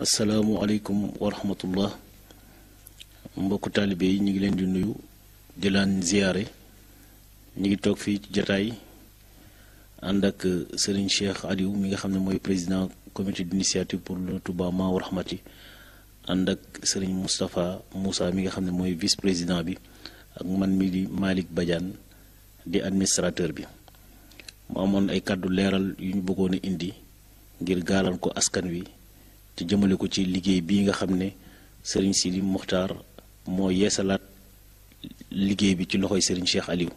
asalaamualeykum wa rahmatullah mbokku taalibe yi ñu ngi leen di nuyu di laan ziyaare ñu ngi toog fii ci jataay ànd ak sëriñ Cheikh Aliou mi nga xam ne mooy président comité d'initiative pour le Touba Maou Rahmati ànd ak sëriñ Moustapha Moussa mi nga xam ne mooy vice président bi ak man mi di malik Badiane di administrateur bi mu amoon ay kàddu leeral yu ñu bëggoon a indi ngir gaaral ko askan wi te jëmele ko ci liggéey bii nga xam ne sëriñ Sidi Muxtaar moo yeesalaat liggéey bi ci loxoy sëriñ Cheikh Aliou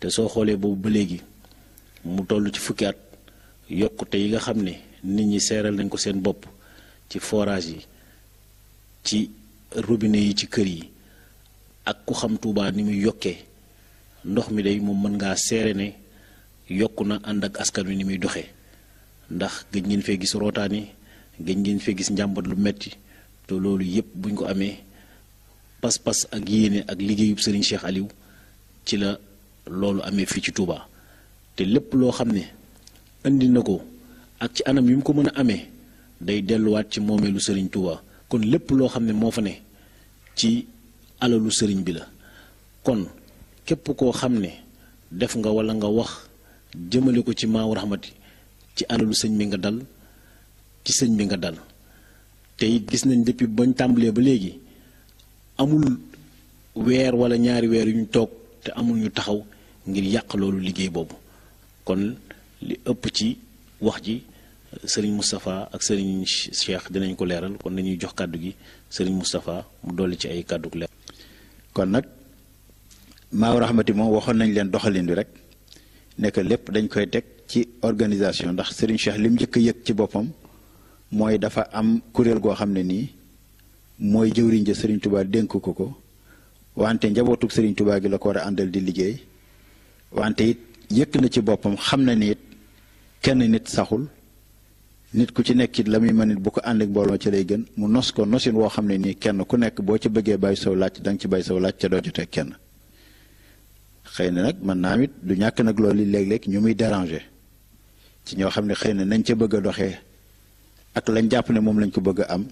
te soo xoolee boobu ba léegi mu toll ci fukki at te yi nga xam ne nit ñi seeral nañ ko seen bopp ci forage yi ci robinet yi ci kër yi ak ku xam tuuba ni muy yokkee ndox mi day moom mën ngaa seere ne yokku na ànd ak askan wi ni muy doxee ndax gëj ngeen fee gis rootaani gëj ngeen fee gis njàmbat lu metti te loolu yépp buñ ko amee pas-pas ak yéene ak liggéeyub Serigne Cheikh Aliou ci la loolu amee fii ci Touba te lépp loo xam ne indi na ko ak ci anam yu mu ko mën a amee day delluwaat ci moomeelu Serigne Touba kon lépp loo xam ne moo fa ne ci alalu Serigne bi la kon képp koo xam ne def nga walla nga wax jëmale ko ci maaw raxmati ci alalu sëñ bi nga dal ci sëñ bi nga dal te it gis nañ depuis bañ tàmbalee ba léegi amul weer wala ñaari weer yu ñu toog te amul ñu taxaw ngir yàq loolu liggéey boobu kon li ëpp ci wax ji sëriñ Moustapha ak sëriñ Cheikh dinañ ko leeral kon jox kàddu gi sëriñ Moustapha mu dolli ci ay kàddu leer. kon nag Maaw Rahmati moom waxoon nañ leen doxalin bi rek nekk lépp dañ koy teg ci organisation ndax sëriñ Cheikh lim njëkk a yëg ci boppam. mooy dafa am kuréel goo xam ne nii mooy jëwriñ ja sëriñ tubaab dénk ko ko wante njabootug Serigne Touba gi la ko war a àndal di liggéey wante it yëkk na ci boppam xam na ni kenn nit saxul nit ku ci nekk it la muy mën it bu ko ànd ak mbooloo lay gën mu nos ko nosin woo xam ne nii kenn ku nekk boo ci bëggee bàyyi saw laaj da nga ci bàyyi saw laaj ca doo jotee kenn xëy na nag mën naa am it du ñàkk nag loolu léeg-léeg ñu muy déranger ci ñoo xam ne xëy na nañ ca bëgg a doxee. ak lañ jàpp ne moom lañ ko bëgg a am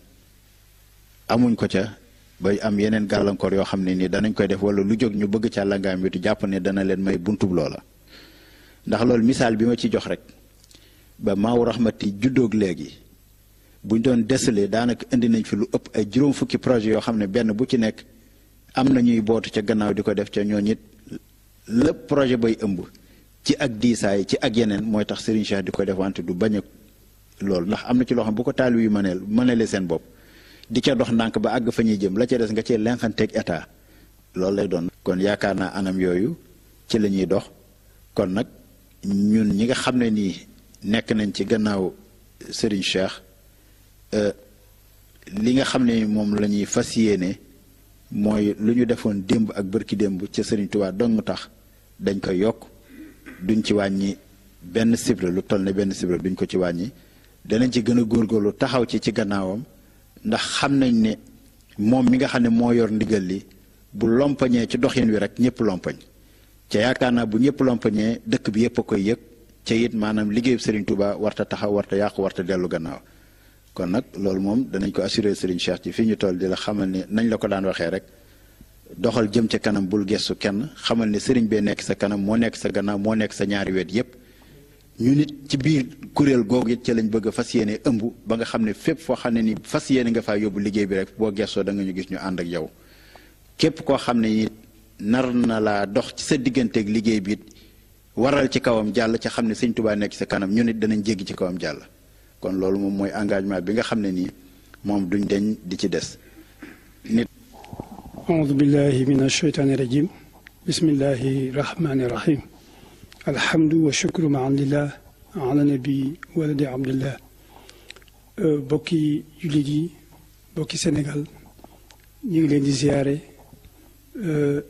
amuñ ko ca bay am yeneen gàllankoor yoo xam ne nii danañ koy def wala lu jóg ñu bëgg ca langaam witu jàpp ne dana leen may buntub loola ndax loolu misaal bi ma ci jox rek ba maawu raxmati juddoog léegi buñ doon desalee daanaka indi nañ fi lu ëpp ay juróom fukki projet yoo xam ne benn bu ci nekk am na ñuy bootu ca gannaaw di ko def ca ñooñu it lépp projet bay ëmb ci ak diisaay ci ak yeneen mooy tax Serigne Cheikh di ko def du bañ loolu ndax am na ci loo bu ko taalibe yu mëneel mëneele seen bopp di ca dox ndànk ba àgg fa ñuy jëm la ca des nga cee lenqanteeg état loolu lay doon. kon yaakaar naa anam yooyu ci la ñuy dox kon nag ñun ñi nga xam ne nii nekk nañ ci gannaaw Serigne Cheikh euh, li nga xam ne moom la ñuy fas yéene mooy lu ñu defoon démb ak bërki démb ca Serigne Touba dong tax dañ ko yokk duñ ci wàññi benn cible lu toll ne benn cible duñ ko ci wàññi. dana ci gën gor góorgóorlu taxaw ci ci gannaawam ndax xam nañ ne mom mi nga xamne mo yor ndigal li bu lompagne ci doxine wi rek ñepp lompagne ci yaakaana bu ñepp lompagne dekk bi yepp koy yek ci yit manam liggey Serigne Touba warta taxaw warta yaq warta delu gannaaw kon nak lool mom danañ ko assurer Serigne Cheikh ci fiñu toll di la xamal ni nañ la ko daan waxe rek doxal jëm ci kanam bul gessu kenn xamal ni Serigne be nek sa kanam mo nek sa gannaaw mo nek sa ñaari wet yepp ñu nit ci biir kuréel googu it ca lañ bëgg a fas yéene ëmb ba nga xam ne fépp foo xam ne ni fas yéene nga faa yóbbu liggéey bi rek boo gestoo danga ñu gis ñu ànd ak yow képp koo xam ne it nar na laa dox ci sa digganteek liggéey bi it waral ci kawam jàll ci xam ne sëñ Tuubaa nekk ci sa kanam ñu nit danañ jéggi ci kawam jàll kon loolu moom mooy engagement bi nga xam ne nii moom duñ deñ di ci des nit aoudu billahi min asheytaani rajim bismillahi rahmaani rahim الحمد وشكر مع الله على نبي ولد عبد الله أه، بوكي يوليدي بوكي سنغال نيغلين دي زياري أه،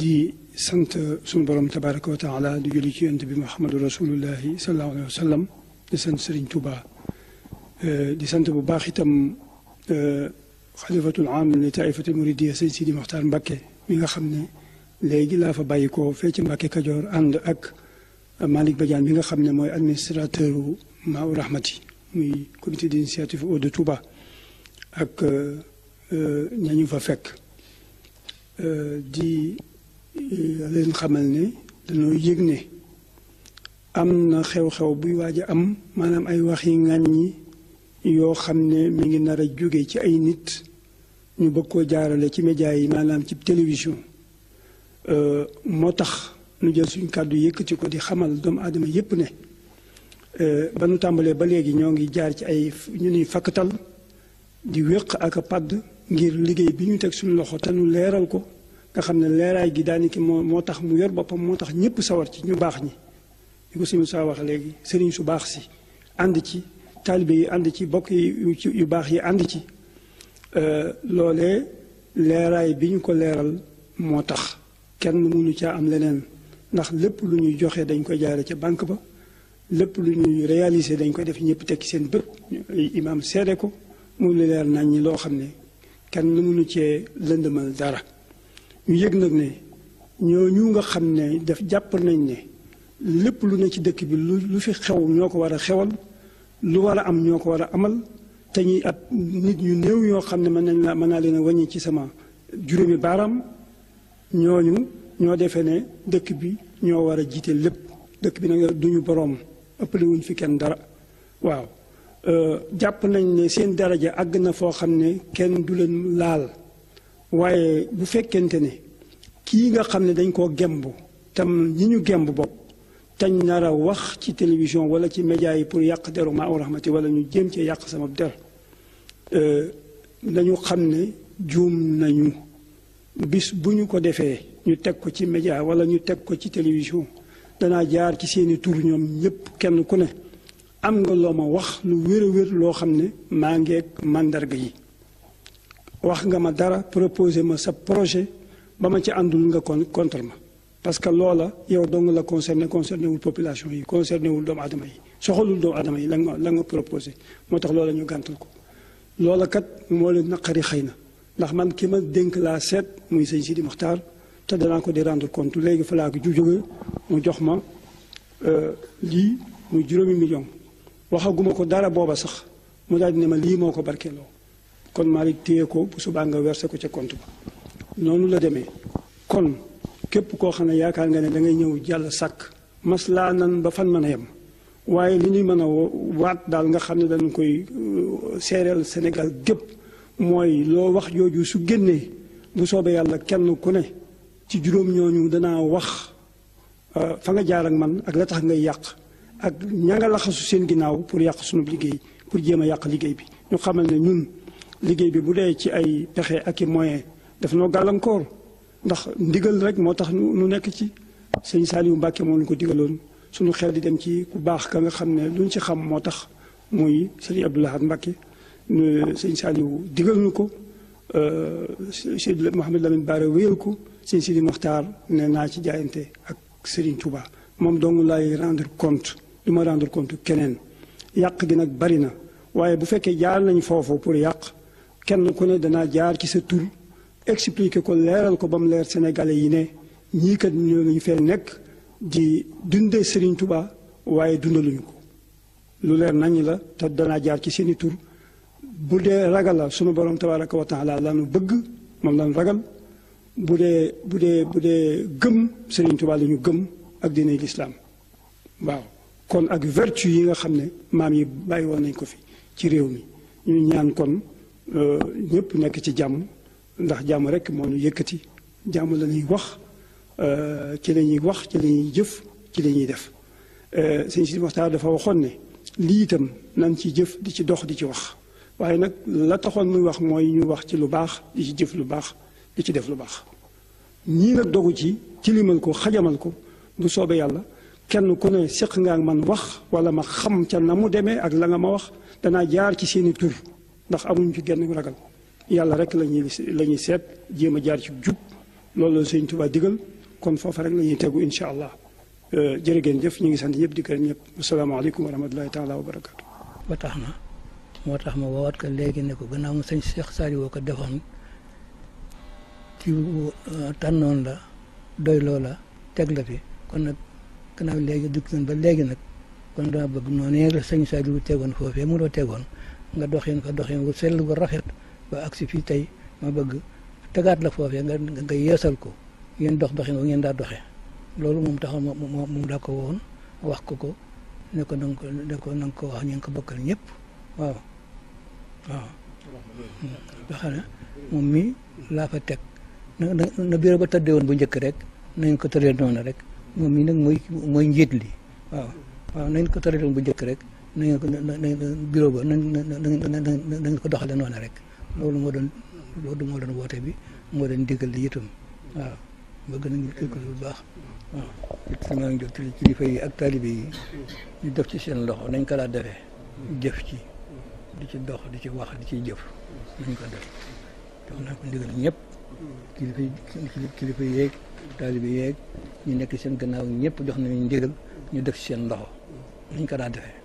دي سنت سنبرم تبارك وتعالى دي يوليكي أنت بمحمد رسول الله صلى الله عليه وسلم دي سنت سرين توبا أه، دي سنت بباخي تم خليفة العام لتعيفة المريدية سيدي مختار مبكي ميغا خمني لا فبايكو فيتم مبكي كاجور اند أك Malick Badiane mi nga xam ne mooy administrateur Maou Rahmati muy comité d'initiative eau de Touba ak ñañu fa fekk di leen xamal ne dañoo yëg ne am na xew-xew buy waaj a am maanaam ay waxi ŋàññi yoo xam ne mi ngi nar a jóge ci ay nit ñu bëgg koo jaarale ci médias yi maanaam ci télévision moo tax nu jël suñu kàddu yëkkati ko di xamal doomu aadama yépp ne euh, ba nu tàmbalee ba léegi ñoo ngi jaar ci ay ñu ni fakkatal di wéq ak padd ngir liggéey bi ñu teg suñu loxo te nu leeral ko nga xam ne leeraay gi daanaka moo tax mu yor boppam moo tax ñëpp sawar ci ñu baax ñi ñu ko suñu saa wax léegi sëriñ su baax si ànd ci taalibe yi ànd ci bokk yi yu baax yi ànd ci euh, loole leeraay bi ñu ko leeral moo tax kenn mënu caa am leneen ndax lépp lu ñuy joxe dañ koy jaare ca banque ba lépp lu ñuy réaliser dañ koy def ñëpp tekki seen bët imaam seede ko mu lu leer nañ ñi loo xam ne kenn mënu cee lëndëmal dara ñu yëg nag ne ñooñu nga xam ne def jàppal nañ ne lépp lu ne ci dëkk bi lu lu fi xew ñoo ko war a xewal lu war a am ñoo ko war a amal te ñuy at nit ñu néew yoo xam ne mën nañ la mën naa leen a wàññi ci sama juróomi baaraam ñooñu ñoo defee ne dëkk bi ñoo war a jiite lépp dëkk bi nag duñu boroom ëppale wuñ fi kenn dara waaw euh, jàpp nañ ne seen daraja àgg na foo xam ne kenn du leen laal waaye bu fekkente ne kii nga xam ne dañ koo gemb tam ñi ñu gemb bopp tañ nar wax ci télévision wala ci média yi pour yàq deru maa u rahmati wala ñu jéem cee yàq sama der euh, nañu xam ne juum nañu bis bu ñu ko defee ñu teg ko ci média wala ñu teg ko ci télévision danaa jaar ci seeni tur ñoom ñëpp kenn ku ne am nga loo ma wax lu wér wér loo xam ne maa ngeeg màndarga yi wax nga ma dara proposé ma sa projet ba ma ci àndul nga kon contre ma parce que loola yow dong la concerné concerné wul population yi concerné wul doomu aadama yi soxalul doomu aadama yi la nga la nga proposé moo tax loola ñu gàntal ko loola kat moo leen naqari xëy na ndax man ki ma dénk laa seet muy sëñ Sidi Mokhtar te danaa ko di rendre compte léegi fa laa jóge mu jox ma euh, lii muy juróomi million waxaguma ko dara booba sax mu daal ne ma lii moo ko barkeeloo kon Malick téye ko bu subaa nga verse ko ca compte ba noonu la demee kon képp koo xam ne yaakaar nga ne dangay ñëw jàll sàkk maslaa nan ba fan mën a yem waaye li ñuy mën a waat daal nga xam ne dañu koy euh, seereel Sénégal gépp mooy loo wax jooju su génnee bu soobee yàlla kenn ku ne ci juróom ñooñu danaa wax euh, fa nga jaar ak man ak la tax ngay yàq ak ña nga laxasu seen ginnaaw pour yàq sunu liggéey pour jéem a yàq liggéey bi ñu xamal ne ñun liggéey bi bu dee ci ay pexe ak i moyen daf noo gàllankoor ndax ndigal rek moo tax ñu nekk ci sëñ Saliou Mbacke moo ñu ko digaloon suñu xel di dem ci ku baax ka nga xam ne luñ si xam moo tax muy sëñ Abdoul Ahad Mbacke sëñ Saliou digal ñu ko Euh, Seydi Mouhamed Lamine Bara wéyal ko sëñ Sidi Mokhtar ne naa ci jaayante ak Serigne Touba moom dong lay rendre compte du ma rendre compte keneen yàq gi nag bari na waaye bu fekkee jaar nañ foofu pour yàq kenn ku ne danaa jaar ci sa tur expliquer ko leeral ko ba mu leer sénégalais yi ne ñii kat ñoo ngi fee nekk di dundee Serigne Touba waaye dundaluñu ko lu leer nañ la te danaa jaar ci seeni tur bu dee ragal la sunu borom tabaraka wa taala nu bëgg moom la nu ragal bu dee bu dee bu dee gëm Serigne Touba la ñu gëm ak diine lislaam waaw kon ak vertu yi nga xam ne maam yi bàyyi woon nañ ko fi ci réew mi ñu ñaan kon euh, ñëpp nekk ci jàmm ndax jàmm rek moo ñu yëkkati jàmm la ñuy wax euh, ci la ñuy wax ci jëf ci la ñuy def sëñ si Moxtaar dafa waxoon ne lii itam nan ci jëf di ci dox di ci wax waaye nag la taxoon muy wax mooy ñu wax ci lu baax di ci jëf lu baax di ci def lu baax ñii nag dogu ci tilimal ko xajamal ko du soobee yàlla kenn ku ne séq nga ak man wax wala ma xam ca na mu demee ak la nga ma wax danaa jaar ci seeni tur ndax amuñ ci genn ragal yàlla rek lañuy la ñuy seet jéem a jaar ci jub loolu la sëñ Tuubaa digal kon foofa rek la ñuy tegu incha allah jërë ngeen jëf ñu ngi sant ñëpp di gërëm ñëpp asalaamaaleykum wa rahmatullahi taala wa barakaatu ba tax na moo tax ma woowaat ko léegi ne ko gannaaw mu sëñ Cheikh woo ko defoon ci euh, tànnoon la doy loola teg la fi kon nag gannaaw léegi dugg ba léegi nag kon dama bëgg noonu la sëñ Saliou tegoon foofee mu la tegoon nga doxin fa doxin wu sell gu rafet ba si fii tey ma bëgg tegaat la foofee nga nga yeesal ko ngeen dox doxin wu ngeen daa doxe loolu moom taxaw moom mu daa ko woon wax ko ko ne ko na ko na nga ko wax ñu ngi ko bokkal ñépp waaw waaw nga xam ne moom mii laa fa teg na na bureau ba tëddee woon bu njëkk rek nañ ko tëddee noonu rek moom mii nag mooy mooy njiit li waaw waaw nañ ko tëddee woon bu njëkk rek na ko bureau ba nañ nañ ko doxalee noonu rek loolu moo doon loolu moo doon woote bi moo doon digal li itam waaw bëgg nañu bu baax waaw ci maa ngi ci kilifa yi ak taalibe ñu def ci seen loxo nañ ko laa defee jëf ci di ci dox di ci wax di ciy jëf duñ ko def jox naa ko ndigal ñëpp kilifa kilifa yeeg taalibe ñu nekk seen gannaaw ñëpp jox nañu ndigal ñu def seen loxo niñ ko daa defee